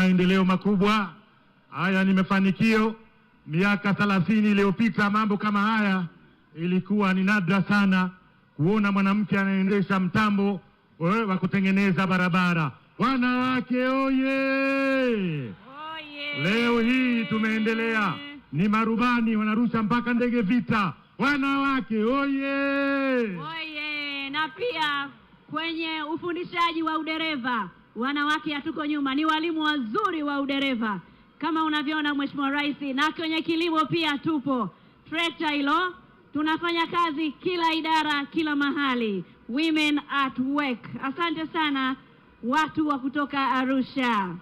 maendeleo makubwa. Haya ni mafanikio. Miaka thelathini iliyopita mambo kama haya ilikuwa ni nadra sana kuona mwanamke anaendesha mtambo eh, wa kutengeneza barabara. Wanawake oye! Leo hii tumeendelea, ni marubani wanarusha mpaka ndege vita. Wanawake oye! Oye! Na pia kwenye ufundishaji wa udereva wanawake hatuko nyuma, ni walimu wazuri wa udereva kama unavyoona Mheshimiwa Rais, na kwenye kilimo pia tupo. Trekta hilo tunafanya kazi kila idara, kila mahali. Women at work. Asante sana watu wa kutoka Arusha.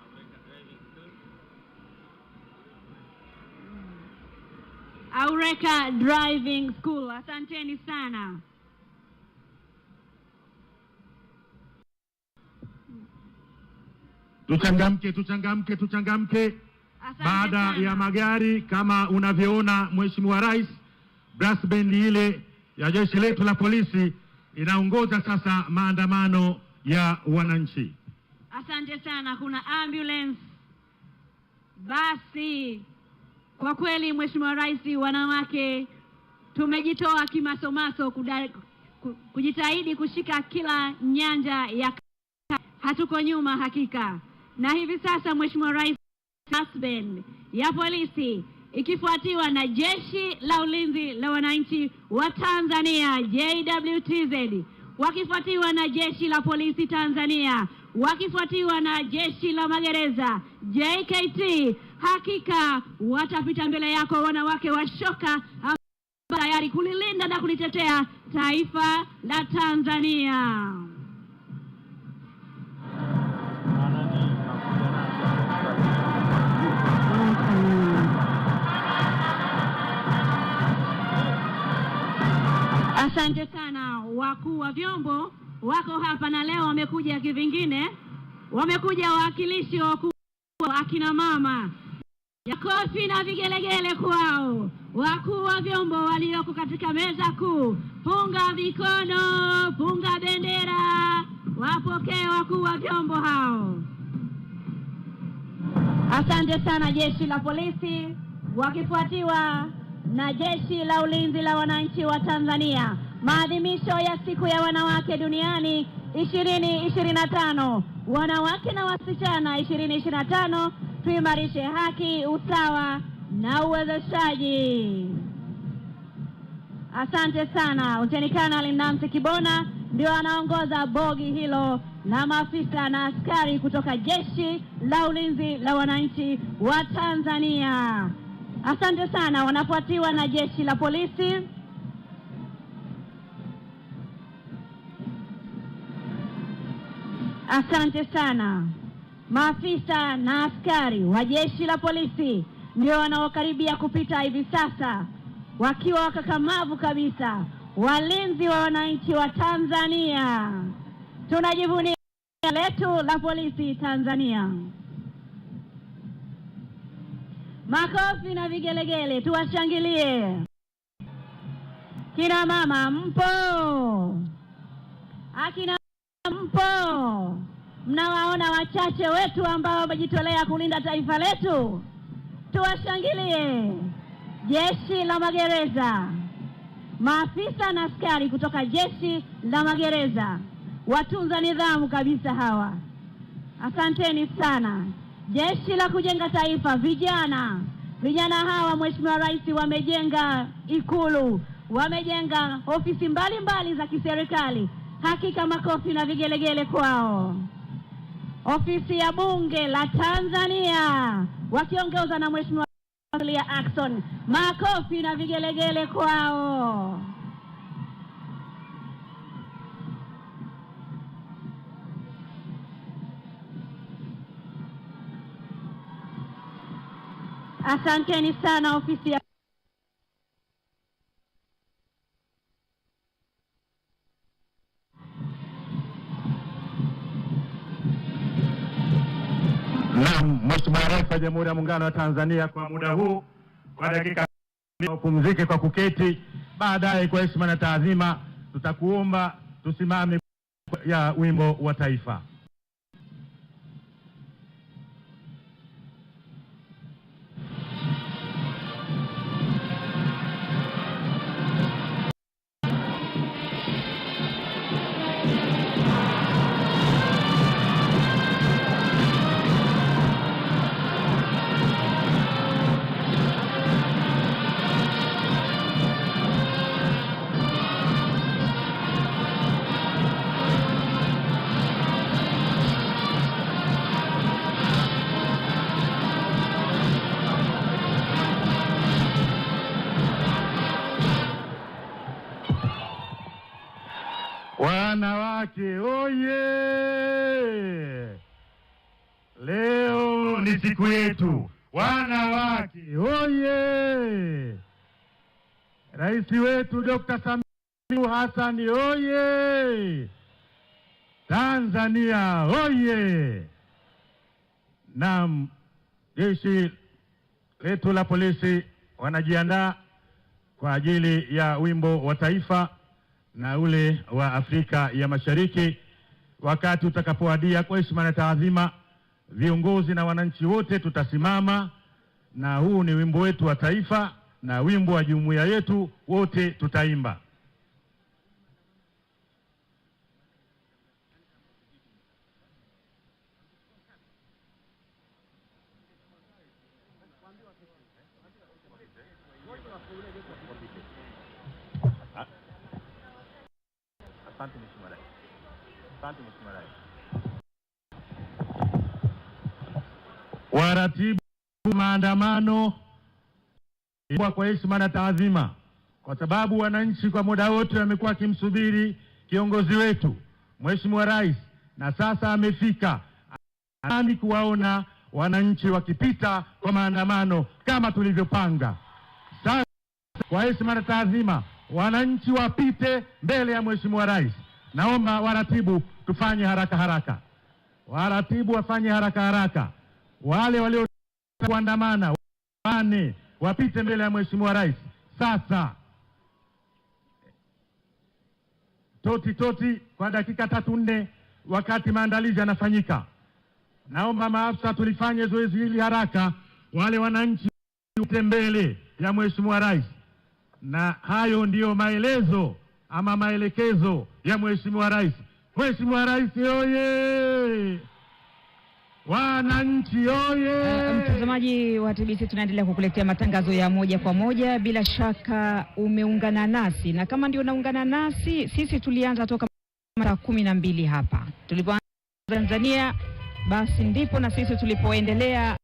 Aureka Driving School. Asanteni sana. Tuchangamke, tuchangamke, tuchangamke. Baada ya magari kama unavyoona Mheshimiwa Rais, brass band ile ya jeshi letu la polisi inaongoza sasa maandamano ya wananchi. Asante sana. Kuna ambulance, basi. Kwa kweli Mheshimiwa Rais, wanawake tumejitoa kimasomaso kujitahidi kushika kila nyanja ya hatuko nyuma hakika na hivi sasa Mheshimiwa Rais rasmi ya polisi ikifuatiwa na jeshi la ulinzi la wananchi wa Tanzania JWTZ, wakifuatiwa na jeshi la polisi Tanzania, wakifuatiwa na jeshi la magereza JKT. Hakika watapita mbele yako wanawake wa shoka tayari kulilinda na kulitetea taifa la Tanzania. Asante sana. Wakuu wa vyombo wako hapa na leo wamekuja kivingine, wamekuja wawakilishi wakuu akina mama. Makofi na vigelegele kwao. Wakuu wa vyombo walioko katika meza kuu, punga mikono, punga bendera, wapokee wakuu wa vyombo hao. Asante sana jeshi la polisi wakifuatiwa na Jeshi la Ulinzi la Wananchi wa Tanzania maadhimisho ya siku ya wanawake duniani 2025, wanawake na wasichana 2025, tuimarishe haki, usawa na uwezeshaji. Asante sana. Luteni Kanali Namsi Kibona ndio anaongoza bogi hilo na maafisa na askari kutoka Jeshi la Ulinzi la Wananchi wa Tanzania. Asante sana. Wanafuatiwa na jeshi la polisi. Asante sana. Maafisa na askari wa jeshi la polisi ndio wanaokaribia kupita hivi sasa, wakiwa wakakamavu kabisa, walinzi wa wananchi wa Tanzania. Tunajivunia letu la polisi Tanzania. Makofi na vigelegele, tuwashangilie kina mama. Mpo akina mpo, mnawaona wachache wetu ambao wamejitolea kulinda taifa letu, tuwashangilie. Jeshi la magereza, maafisa na askari kutoka jeshi la magereza, watunza nidhamu kabisa hawa, asanteni sana. Jeshi la Kujenga Taifa, vijana vijana hawa, Mheshimiwa Rais, wamejenga Ikulu, wamejenga ofisi mbalimbali mbali za kiserikali. Hakika makofi na vigelegele kwao. Ofisi ya Bunge la Tanzania wakiongozwa na Mheshimiwa Ackson, makofi na vigelegele kwao. Asanteni sana ofisi ya Naam, Mheshimiwa Rais wa Jamhuri ya Muungano wa Tanzania, kwa muda huu kwa dakika upumzike kwa kuketi. Baadaye kwa heshima na taadhima, tutakuomba tusimame ya wimbo wa taifa. wake oye! Leo ni siku yetu wanawake oye! Rais wetu Dr. Samia Hassan oye! Tanzania oye! Naam, jeshi letu la polisi wanajiandaa kwa ajili ya wimbo wa taifa na ule wa Afrika ya Mashariki wakati utakapowadia. Kwa heshima na taadhima, viongozi na wananchi wote tutasimama, na huu ni wimbo wetu wa taifa na wimbo wa jumuiya yetu, wote tutaimba. Asante Mheshimiwa Rais. Waratibu maandamano kwa heshima na taadhima, kwa sababu wananchi kwa muda wote wamekuwa wakimsubiri kiongozi wetu Mheshimiwa Rais, na sasa amefika ani kuwaona wananchi wakipita kwa maandamano kama tulivyopanga. Sasa kwa heshima na taadhima, wananchi wapite mbele ya Mheshimiwa Rais. Naomba waratibu tufanye haraka haraka, waratibu wafanye haraka haraka, wale walio kuandamana wane wapite mbele ya mheshimiwa rais sasa. Toti toti kwa dakika tatu nne, wakati maandalizi yanafanyika, naomba maafisa tulifanye zoezi hili haraka, wale wananchi wapite mbele ya mheshimiwa rais, na hayo ndiyo maelezo ama maelekezo ya Mheshimiwa Rais. Mheshimiwa Rais oye! Wananchi oye! Eh, mtazamaji wa TBC, tunaendelea kukuletea matangazo ya moja kwa moja. Bila shaka umeungana nasi, na kama ndio unaungana nasi, sisi tulianza toka saa kumi na mbili hapa tulipoanza Tanzania, basi ndipo na sisi tulipoendelea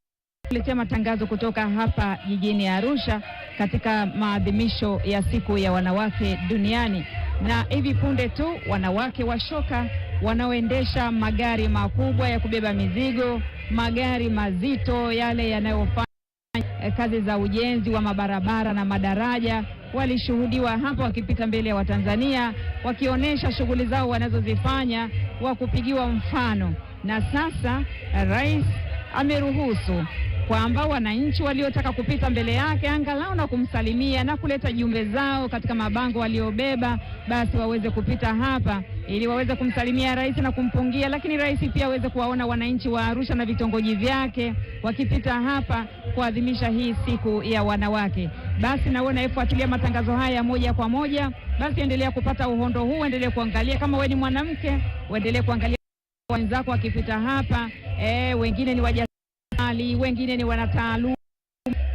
kuletea matangazo kutoka hapa jijini Arusha katika maadhimisho ya siku ya wanawake duniani na hivi punde tu wanawake wa shoka wanaoendesha magari makubwa ya kubeba mizigo, magari mazito yale yanayofanya kazi za ujenzi wa mabarabara na madaraja walishuhudiwa hapa wakipita mbele ya Watanzania wakionyesha shughuli zao wanazozifanya wa kupigiwa mfano. Na sasa rais ameruhusu kwamba wananchi waliotaka kupita mbele yake angalau na kumsalimia na kuleta jumbe zao katika mabango waliobeba, basi waweze kupita hapa ili waweze kumsalimia rais na kumpungia, lakini rais pia aweze kuwaona wananchi wa Arusha na vitongoji vyake wakipita hapa kuadhimisha hii siku ya wanawake. Basi na wewe unayefuatilia matangazo haya moja kwa moja, basi endelea kupata uhondo huu, endelee kuangalia. Kama wewe ni mwanamke, uendelee kuangalia wenzako wakipita hapa. E, wengine ni waja mbalimbali, wengine ni wanataaluma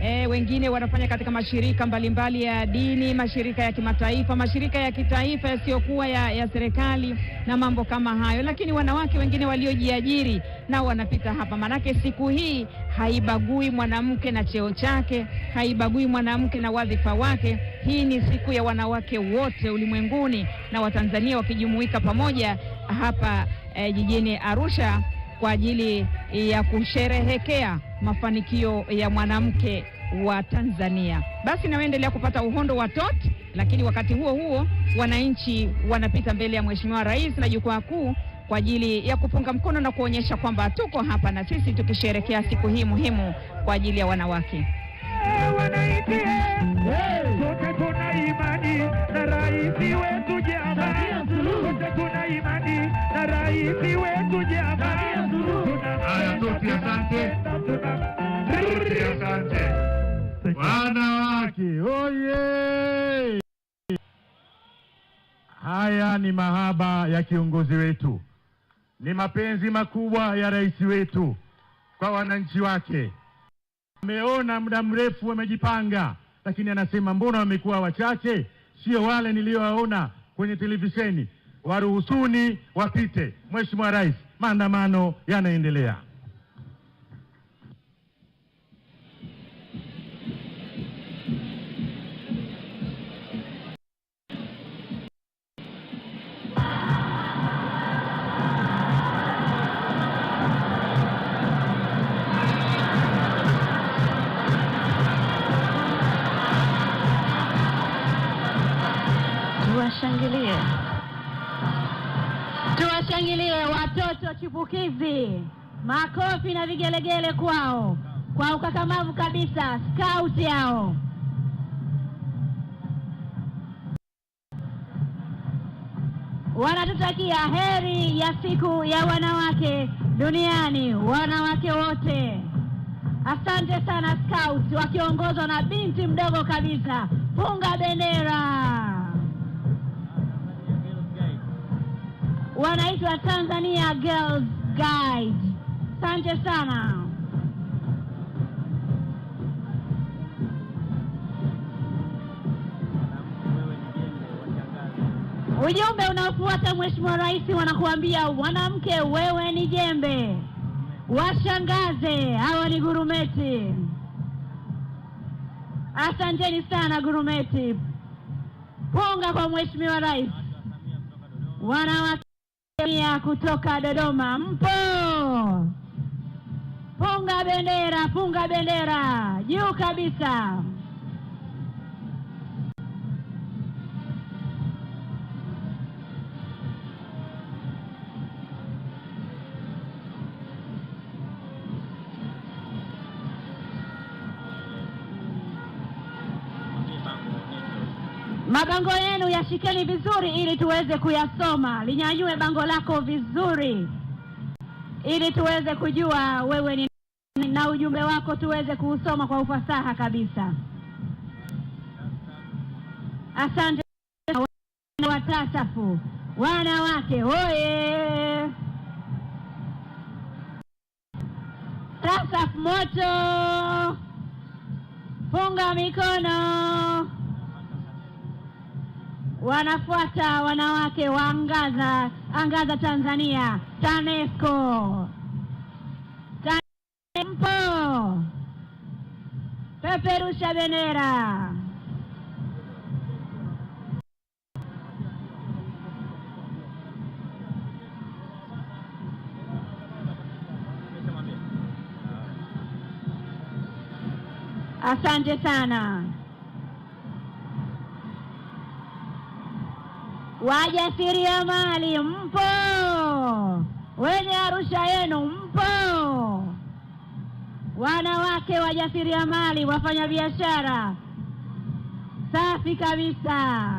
e, wengine wanafanya katika mashirika mbalimbali mbali ya dini, mashirika ya kimataifa, mashirika ya kitaifa yasiyokuwa ya, ya serikali na mambo kama hayo. Lakini wanawake wengine waliojiajiri nao wanapita hapa, maanake siku hii haibagui mwanamke na cheo chake, haibagui mwanamke na wadhifa wake. Hii ni siku ya wanawake wote ulimwenguni, na Watanzania wakijumuika pamoja hapa e, jijini Arusha kwa ajili ya kusherehekea mafanikio ya mwanamke wa Tanzania. Basi nawaendelea kupata uhondo wa tot, lakini wakati huo huo wananchi wanapita mbele ya Mheshimiwa Rais na jukwaa kuu kwa ajili ya kupunga mkono na kuonyesha kwamba tuko hapa na sisi tukisherehekea siku hii muhimu kwa ajili ya wanawake. Hey, sote tuna imani na rais wetu jamani wanawake oye! Haya ni mahaba ya kiongozi wetu, ni mapenzi makubwa ya rais wetu kwa wananchi wake. Ameona muda mrefu wamejipanga, lakini anasema mbona wamekuwa wachache? Sio wale niliyowaona kwenye televisheni. Waruhusuni wapite. Mheshimiwa Rais, maandamano yanaendelea. Tuwashangilie, tuwashangilie watoto chipukizi, makofi na vigelegele kwao kwa ukakamavu kabisa, scout yao. Wanatutakia heri ya siku ya wanawake duniani, wanawake wote. Asante sana scout, wakiongozwa na binti mdogo kabisa, punga bendera. wanaitwa Tanzania Girls Guide. Asante sana. Ujumbe unaofuata Mheshimiwa Rais wanakuambia mwanamke, wewe ni jembe, washangaze hawa ni gurumeti. Asanteni sana gurumeti, punga kwa Mheshimiwa Rais wanawake a kutoka Dodoma, mpo? Punga bendera, punga bendera juu kabisa. Mabango yenu yashikeni vizuri ili tuweze kuyasoma. Linyanyue bango lako vizuri ili tuweze kujua wewe ni na ujumbe wako tuweze kuusoma kwa ufasaha kabisa. Asante wa TASAFU wanawake oye! TASAFU moto! Funga mikono! wanafuata wanawake wa Angaza, Angaza Tanzania, TANESCO. Mpo, peperusha bendera. Asante sana. wajasiriamali mpo, wenye Arusha yenu mpo, wanawake wajasiriamali, wafanyabiashara. Safi kabisa.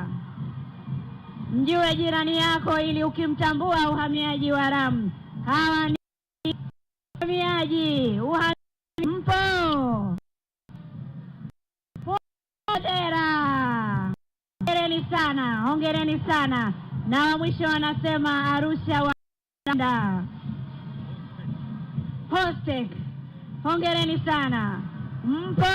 Mjue jirani yako ili ukimtambua uhamiaji haramu. Hawa ni uhamiaji uhamiaji. hongereni sana. Na wa mwisho wanasema Arusha wanda Hostek, hongereni sana. Mpo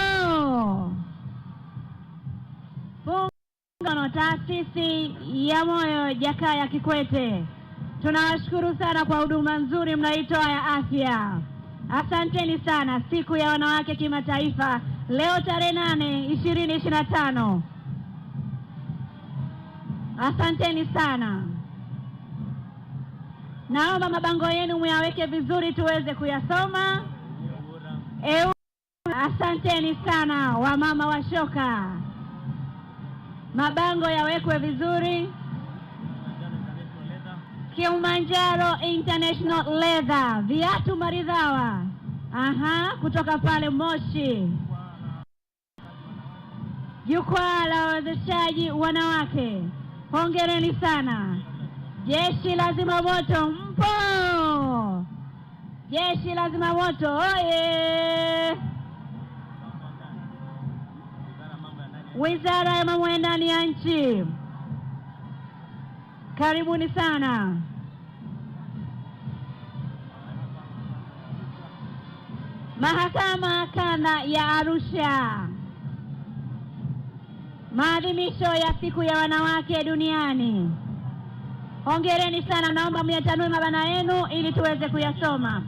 Muungano, taasisi ya moyo Jakaya Kikwete, tunawashukuru sana kwa huduma nzuri mnaitoa ya afya. Asanteni sana. Siku ya wanawake kimataifa leo tarehe nane ishirini ishirini na tano Asanteni sana. Naomba mabango yenu muyaweke vizuri tuweze kuyasoma. Asanteni sana wamama wa shoka, mabango yawekwe vizuri. Kilimanjaro International Leather, viatu maridhawa. Aha, kutoka pale Moshi, jukwaa la wawezeshaji wanawake. Hongereni sana. Jeshi la zimamoto mpo? Jeshi la zimamoto oye! Wizara ya mambo ya ndani ya nchi, karibuni sana. Mahakama kanda ya Arusha maadhimisho ya siku ya wanawake duniani. Hongereni sana, naomba myatanue mabana yenu ili tuweze kuyasoma.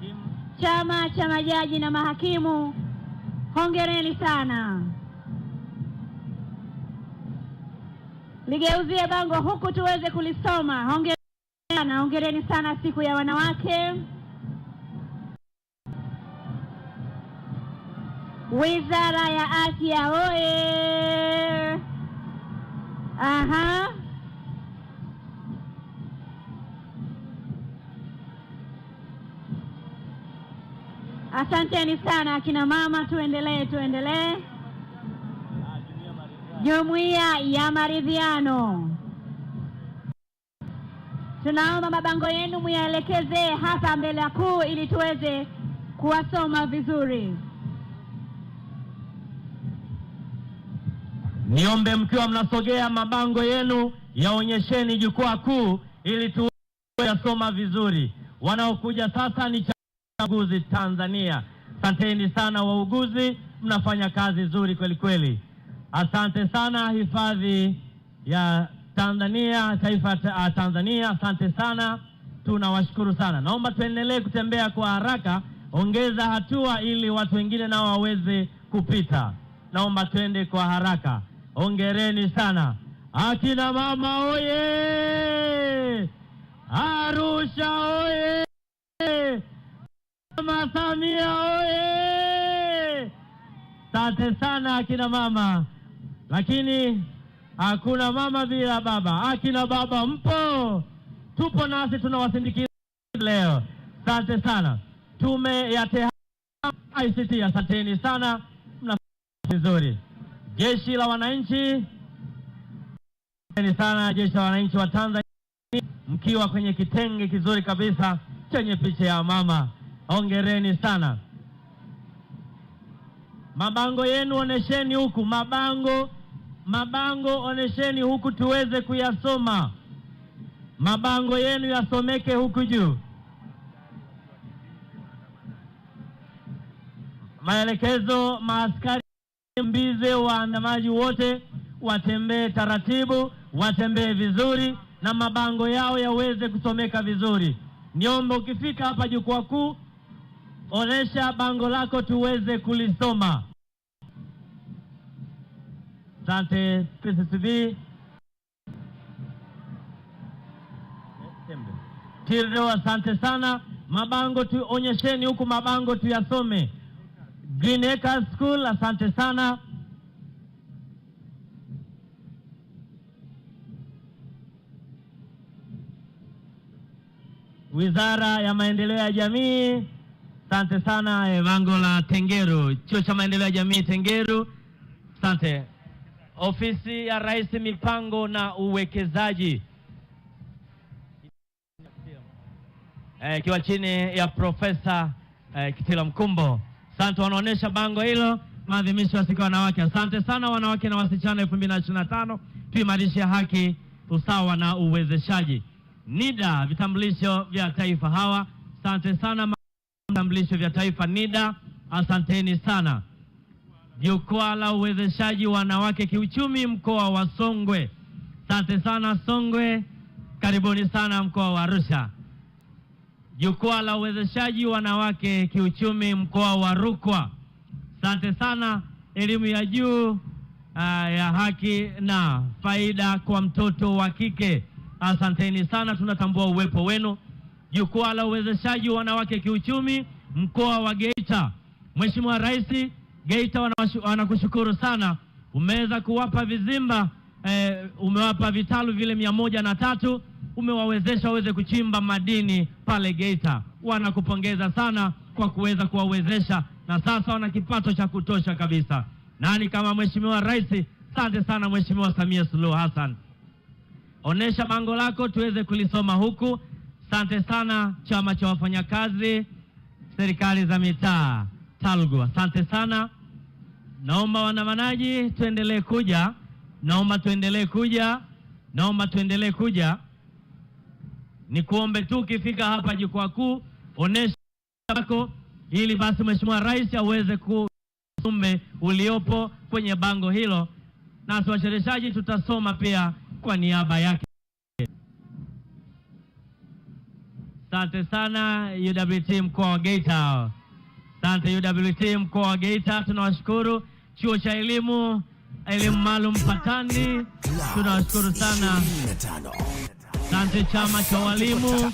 Chama cha majaji na mahakimu, hongereni sana. Ligeuzie bango huku tuweze kulisoma. Hongereni sana, hongereni sana siku ya wanawake. Wizara ya Afya oye! Ajá. Asanteni sana akina mama, tuendelee tuendelee. Jumuiya ya maridhiano, tunaomba mabango yenu muyaelekeze hapa mbele ya kuu ili tuweze kuwasoma vizuri. Niombe mkiwa mnasogea mabango yenu yaonyesheni jukwaa kuu ili tuyasoma vizuri. Wanaokuja sasa ni chaguzi Tanzania. Asanteni sana wauguzi, mnafanya kazi nzuri kweli kweli. Asante sana hifadhi ya Tanzania, taifa ya Tanzania, asante sana, tunawashukuru sana. Naomba tuendelee kutembea kwa haraka, ongeza hatua ili watu wengine nao waweze kupita. Naomba tuende kwa haraka. Hongereni sana akina mama oye! Arusha oye! Mama Samia oye! Sante sana akina mama, lakini hakuna mama bila baba. Akina baba mpo, tupo nasi, tunawasindikiza leo. Sante sana tume ya TEHAMA ICT, asanteni sana, mnafanya vizuri. Jeshi la Wananchi sana, jeshi la wananchi wa Tanzania, mkiwa kwenye kitenge kizuri kabisa chenye picha ya mama, hongereni sana. Mabango yenu onesheni huku, mabango mabango onesheni huku tuweze kuyasoma. Mabango yenu yasomeke huku juu. Maelekezo maaskari Mbize waandamaji wote watembee taratibu, watembee vizuri na mabango yao yaweze kusomeka vizuri. Niombe ukifika hapa jukwaa kuu, onesha bango lako tuweze kulisoma. Asante PCCB. Asante sana. Mabango tuonyesheni huku, mabango tuyasome. Green Acres School, asante sana. Wizara ya Maendeleo ya Jamii, asante sana. Evangola la Tengeru, chuo cha maendeleo ya jamii Tengeru, asante. Ofisi ya Rais mipango na uwekezaji eh, ikiwa eh, chini ya Profesa eh, Kitila Mkumbo. Asante, wanaonesha bango hilo, maadhimisho ya siku ya wanawake. Asante sana wanawake na wasichana 2025, tuimarishe haki, usawa na uwezeshaji. NIDA, vitambulisho vya taifa hawa. Asante sana vitambulisho vya taifa NIDA, asanteni sana. Jukwaa la uwezeshaji wanawake kiuchumi mkoa wa Songwe. Asante sana Songwe, karibuni sana mkoa wa Arusha. Jukwaa la uwezeshaji wanawake kiuchumi mkoa wa Rukwa. Asante sana. Elimu ya juu uh, ya haki na faida kwa mtoto wa kike. Asanteni sana, tunatambua uwepo wenu. Jukwaa la uwezeshaji wanawake kiuchumi mkoa wa Geita. Mheshimiwa Rais, Geita wanakushukuru sana, umeweza kuwapa vizimba eh, umewapa vitalu vile mia moja na tatu umewawezesha waweze kuchimba madini pale Geita. Wanakupongeza sana kwa kuweza kuwawezesha na sasa wana kipato cha kutosha kabisa. Nani kama Mheshimiwa Rais? Asante sana Mheshimiwa Samia Suluhu Hassan, onesha bango lako tuweze kulisoma huku. Asante sana chama cha wafanyakazi serikali za mitaa talgu asante sana. Naomba wanamanaji tuendelee kuja, naomba tuendelee kuja, naomba tuendelee kuja. Ni kuombe tu ukifika hapa jukwaa kuu onesha yako, ili basi Mheshimiwa Rais aweze kusume uliopo kwenye bango hilo, nasi washereshaji tutasoma pia kwa niaba yake. Asante sana UWT mkoa wa Geita. Asante UWT mkoa wa Geita, tunawashukuru chuo cha elimu elimu maalum Patani, tunawashukuru sana. Asante chama cha walimu.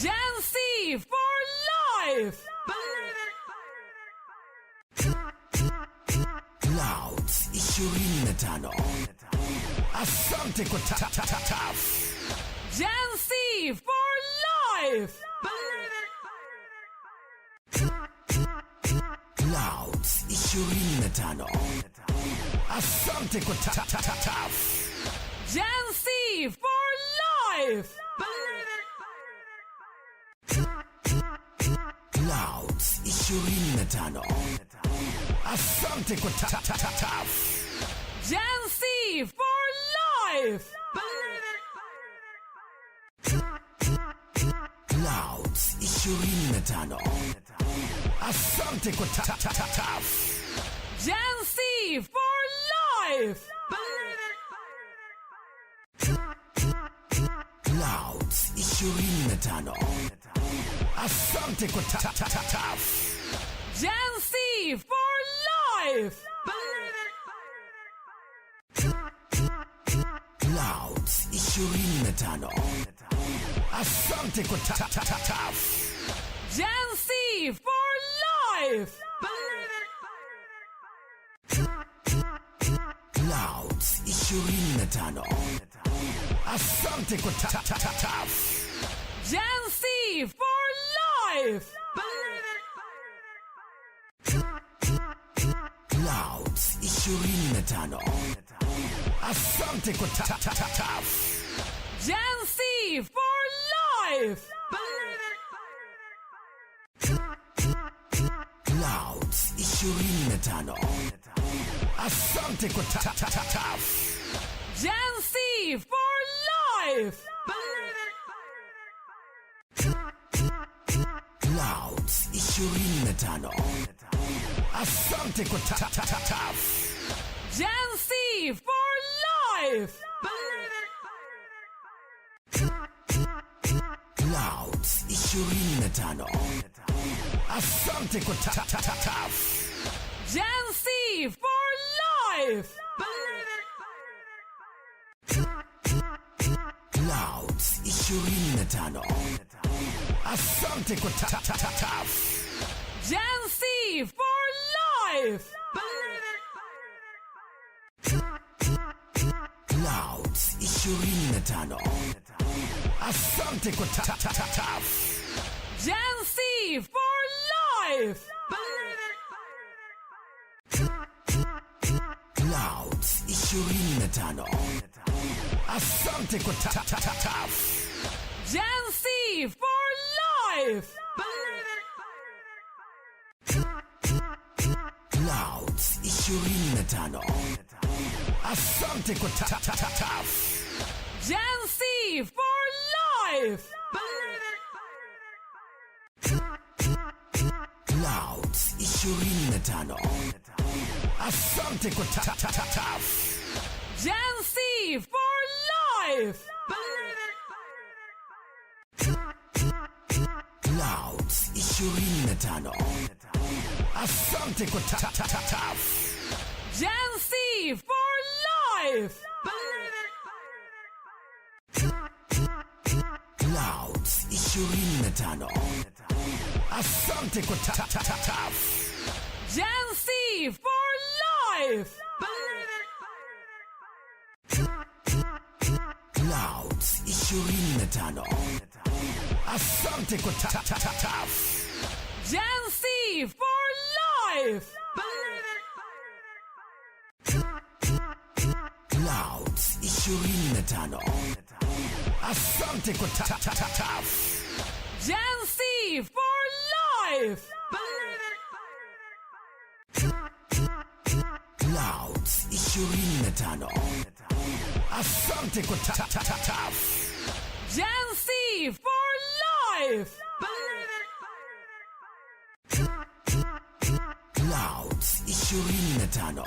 Jansi for life. Clouds 25. Asante kwa TAF. Jansi for life. Clouds 25. Asante kwa TAF. Jancy for life. Clouds Asante kwa ta ta ta ta. Jancy for life. Clouds 25. Asante kwa ta ta ta ta. Jancy for life. tano. Asante kwa ta ta ta ta ta. Gen C for life. Clouds 25. Asante kwa ta ta ta ta ta. Gen C for life. Clouds 25. Asante kwa ta ta ta ta. Gen Z for life. Clouds 25. Asante kwa ta ta ta ta. Gen Z for life. Clouds 25. Asante kwa ta ta ta ta. Gen Z for life. 25. Asante kwa ta ta ta ta. Jancy for life. Clouds 25. Asante kwa ta ta ta ta. Jancy for life. Clouds 25. Asante kwa ta ta ta ta. Jancy for life. Clouds 25. Asante kwa ta ta ta ta. Jancy for life. Clouds 25. Asante kwa ta ta ta ta. Jancy for life. tano. Asante kwa ta ta ta ta. Gen Z for life. Clouds 25. Asante kwa ta ta ta ta. Gen Z for life. Clouds 25. Asante kwa ta ta ta ta. Gen Z for life. Clouds 25. Asante kwa ta ta ta ta. Gen Z for life. Clouds 25. Asante kwa ta ta ta ta. Gen Z for life. 25. Asante kwa ta ta ta ta. Gen for life. Clouds 25. Asante kwa ta ta ta ta. Gen for life. Clouds 25.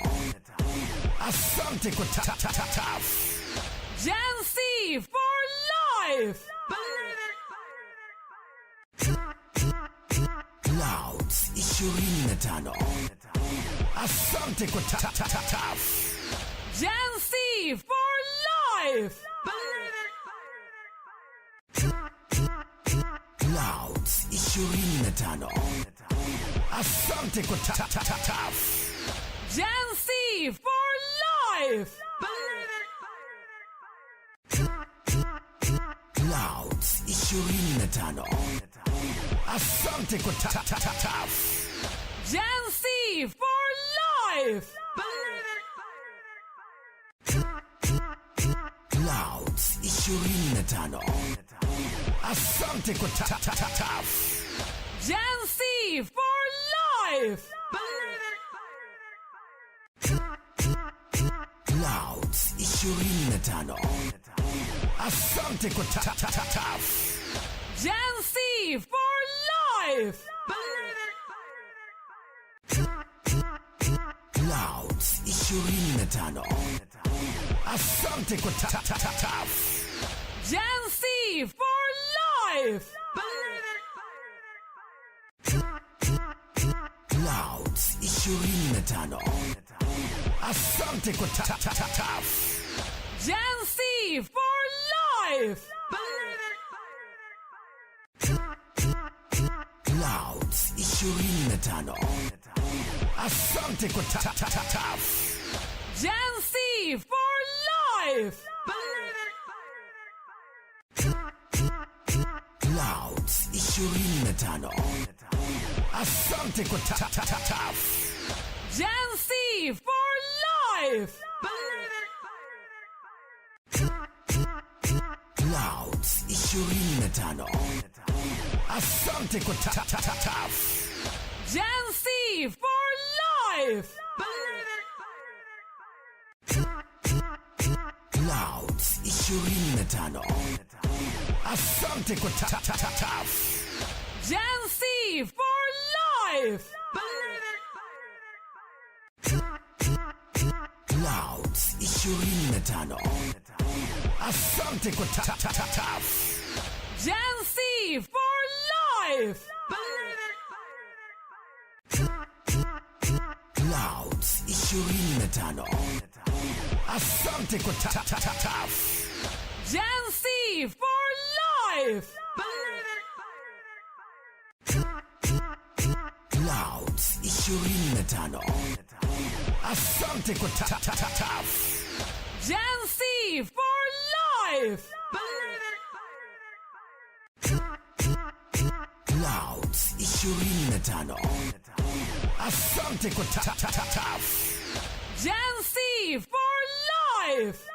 Asante kwa ta ta ta ta. Jancy for life. Clouds 25. Asante kwa ta ta ta ta. Jancy for life. Clouds 25. Asante kwa ta ta ta ta. Jancy for life. 25. Asante kwa ta ta ta ta. Jancy for life. Clouds 25. Asante kwa ta ta ta ta. Jancy for life. Clouds 25. Asante kwa ta ta ta ta. Jancy for life. Clouds 25. Asante kwa ta ta ta ta. Jancy for life. Clouds 25. Asante kwa ta ta ta ta. Jancy for life. 25. Asante kwa ta ta ta ta. Gen for life. Clouds 25. Asante kwa ta ta ta ta. Gen Z for life. Clouds 25. Asante kwa ta ta ta ta. Jancy for life. Clouds 25. Asante kwa ta ta ta ta. Jancy for life. Clouds 25. Asante kwa ta ta ta ta. Jancy for life. 25. Asante kwa ta ta ta ta. Gen Z for life. Clouds 25. Asante kwa ta ta ta ta. Gen Z for life. Clouds 25. Asante kwa ta ta ta ta. Gen Z for life!